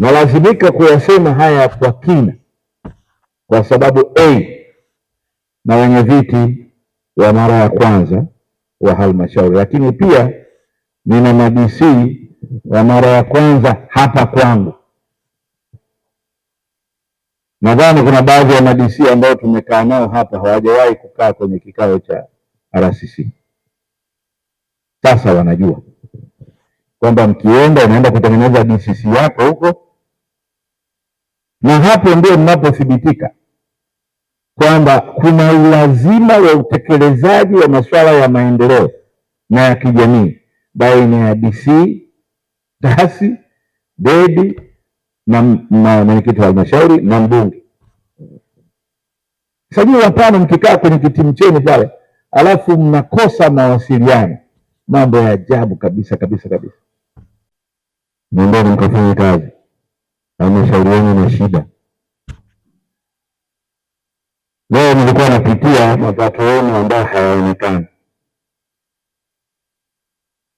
Nalazimika kuyasema haya kwa kina kwa sababu a na wenye viti wa mara ya kwanza wa halmashauri, lakini pia nina madc wa mara ya kwanza hapa kwangu. Nadhani kuna baadhi ya madc ambao tumekaa nao hapa hawajawahi kukaa kwenye kikao cha RCC. Sasa wanajua kwamba mkienda unaenda kutengeneza DCC yako huko na hapo ndio mnapothibitika kwamba kuna ulazima wa utekelezaji wa masuala ya maendeleo na ya kijamii baina ya DC tasi dedi na mwenyekiti wa halmashauri na mbunge. Sajili wapano, mkikaa kwenye kitimu chenu pale, alafu mnakosa mawasiliano, mambo ya ajabu kabisa kabisa kabisa. Nendeni mkafanya kazi shida. Leo nilikuwa napitia mapato yenu ambayo hayaonekani,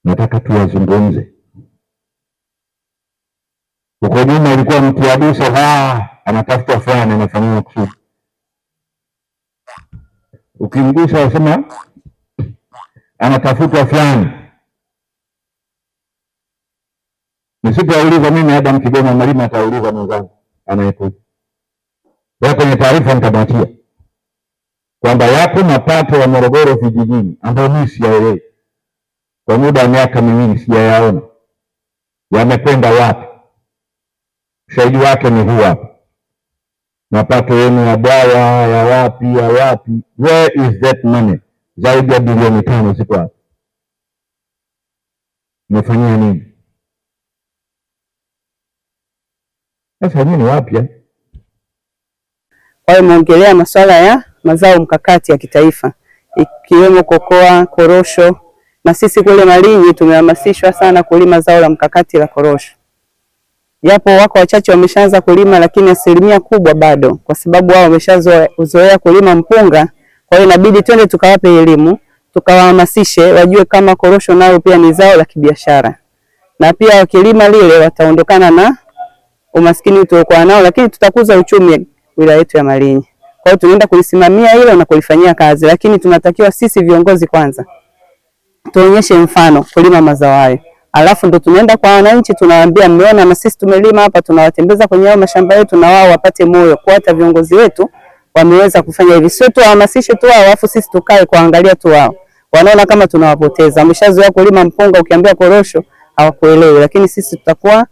nataka tuyazungumze. Huko nyuma ilikuwa mtiabuso anatafuta fulani anafanyia kusudi, ukimgusa wasema anatafutwa fulani. Nisipouliza mimi Adam Kigoma Malima, atauliza mwenzangu anayekuja. Kwa kwenye taarifa nikabatia kwamba yapo mapato ya Morogoro vijijini ambayo mimi siyaelewi kwa muda wa miaka miwili, sijayaona yamekwenda wapi. Ushahidi wake ni huu hapa, mapato yenu ya bwawa ya wapi ya wapi, where is that money? Zaidi ya bilioni tano ziko hapa mefanyia nini? Sasa wenyewe ni wapya. Kwa hiyo umeongelea masuala ya mazao mkakati ya kitaifa ikiwemo kokoa, korosho na sisi kule Malinyi tumehamasishwa sana kulima zao la mkakati la korosho, japo wako wachache wameshaanza kulima, lakini asilimia kubwa bado, kwa sababu wao wameshazoea kulima mpunga. Kwa hiyo inabidi twende tukawape elimu, tukawahamasishe wajue kama korosho nayo pia ni zao la kibiashara, na pia wakilima lile wataondokana na umaskini tuliokuwa nao, lakini tutakuza uchumi wilaya yetu ya Malinyi. Kwa hiyo tunaenda kulisimamia hilo na kulifanyia kazi, lakini tunatakiwa sisi viongozi kwanza tuonyeshe mfano kulima mazao hayo, alafu ndo tunaenda kwa wananchi, tunawaambia mmeona na sisi tumelima hapa, tunawatembeza kwenye hayo mashamba yetu, na wao wapate moyo kwa hata viongozi wetu wameweza kufanya hivi, sio tuwahamasishe tu wao afu sisi tukae kuangalia tu wao. Wanaona kama tunawapoteza. Ameshazoea kulima mpunga, ukiambia korosho hawakuelewi, lakini sisi tutakuwa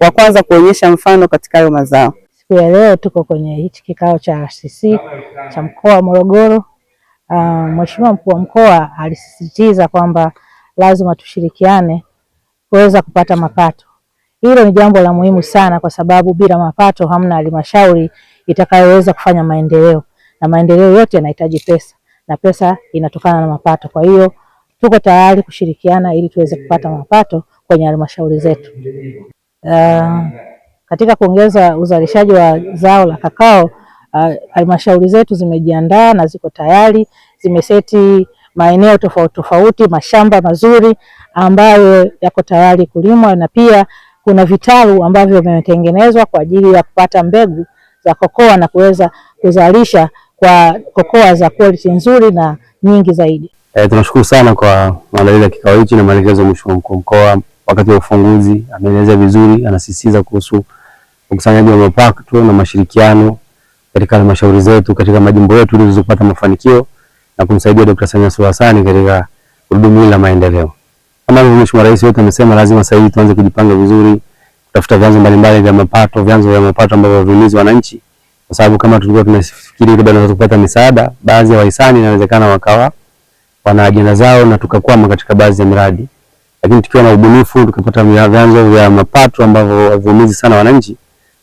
wa kwanza kuonyesha mfano katika hayo mazao. Siku ya leo tuko kwenye hichi kikao cha RCC cha mkoa wa Morogoro. Uh, Mheshimiwa mkuu wa mkoa alisisitiza kwamba lazima tushirikiane kuweza kupata mapato. Hilo ni jambo la muhimu sana, kwa sababu bila mapato hamna halmashauri itakayoweza kufanya maendeleo, na maendeleo yote yanahitaji pesa na pesa inatokana na mapato. Kwa hiyo tuko tayari kushirikiana ili tuweze kupata mapato kwenye halmashauri zetu. Uh, katika kuongeza uzalishaji wa zao la kakao eh, halmashauri uh, zetu zimejiandaa na ziko tayari, zimeseti maeneo tofauti tofauti, mashamba mazuri ambayo yako tayari kulimwa, na pia kuna vitalu ambavyo vimetengenezwa kwa ajili ya kupata mbegu za kokoa na kuweza kuzalisha kwa kokoa za quality nzuri na nyingi zaidi. E, tunashukuru sana kwa maandalizi ya kikao hichi na maelekezo ya Mheshimiwa Mkuu Mkoa wakati wa ufunguzi ameeleza vizuri, anasisitiza kuhusu ukusanyaji wa mapato na mashirikiano katika halmashauri zetu katika majimbo yetu ili kupata mafanikio na kumsaidia Dr. Samia Suluhu Hassan katika gurudumu la maendeleo. Kama Mheshimiwa Rais wetu amesema, lazima sasa hivi tuanze kujipanga vizuri, kutafuta vyanzo mbalimbali vya mapato, vyanzo vya mapato ambavyo vimilizi wananchi, kwa sababu kama tulikuwa tunafikiri labda tunaweza kupata misaada, baadhi ya wahisani inawezekana wakawa wana ajenda zao na tukakwama katika baadhi ya miradi lakini tukiwa na ubunifu tukapata vyanzo vya mapato ambavyo haviumizi sana wananchi,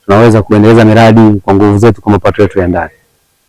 tunaweza kuendeleza miradi kwa nguvu zetu kwa mapato yetu ya ndani.